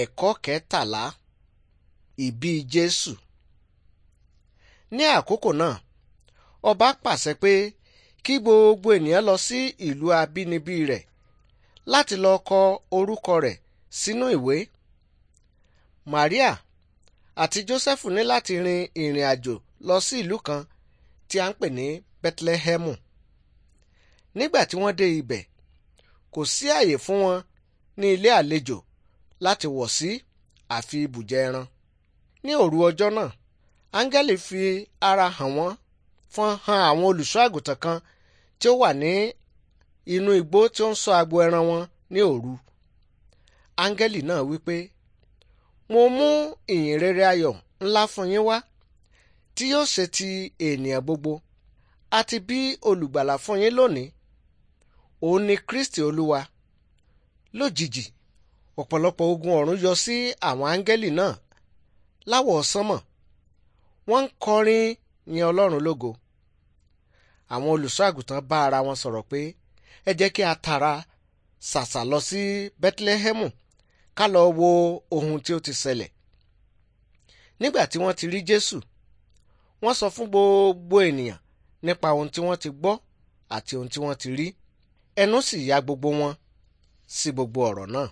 ẹ̀kọ́ kẹtàlá ìbí Jésù ní àkókò náà ọba pàṣẹ pé kí gbogbo ènìyàn lọ sí ìlú abínibí rẹ̀ láti lọ kọ orúkọ rẹ̀ sínú ìwé Maria àti Joseph ní láti rin ìrìn àjò lọ sí ìlú kan tí a ń pè ní Bethlehemu nígbà tí wọ́n dé ibẹ̀ kò sí àyè fún wọn ní ilé àlejò láti wọ̀ sí àfi ibùjẹ ẹran. ní òru ọjọ́ náà áńgẹ́lì fi ara hàn wọ́n fọ́n han àwọn olùṣọ́ àgùntàn kan tí ó wà ní inú igbó tí ó ń ṣọ́ agbo ẹran wọn ní òru. áńgẹ́lì náà wí pé mo mú ìyìn rere ayọ̀ ńlá fún yín wá tí yóò ṣe ti ènìyàn gbogbo àti bí olùgbàlà fún yín lónìí òun ni Kristi Olúwa lójijì ọ̀pọ̀lọpọ̀ ogun ọ̀run yọ sí àwọn áńgẹ́lì náà láwọ̀ sánmọ̀ wọ́n ń kọrin yin ọlọ́run lógo àwọn olùṣọ́ àgùntàn bá ara wọn sọ̀rọ̀ pé ẹ jẹ́ kí a tara ṣàṣà lọ sí bẹ́tílẹ́hẹ́mù ká lọ wo ohun tí ó ti ṣẹlẹ̀ nígbà tí wọ́n ti rí jésù wọ́n sọ fún gbogbo ènìyàn nípa ohun tí wọ́n ti gbọ́ àti ohun tí wọ́n ti rí ẹnu sì ya gbogbo wọn sí gbogbo ọ̀rọ̀ náà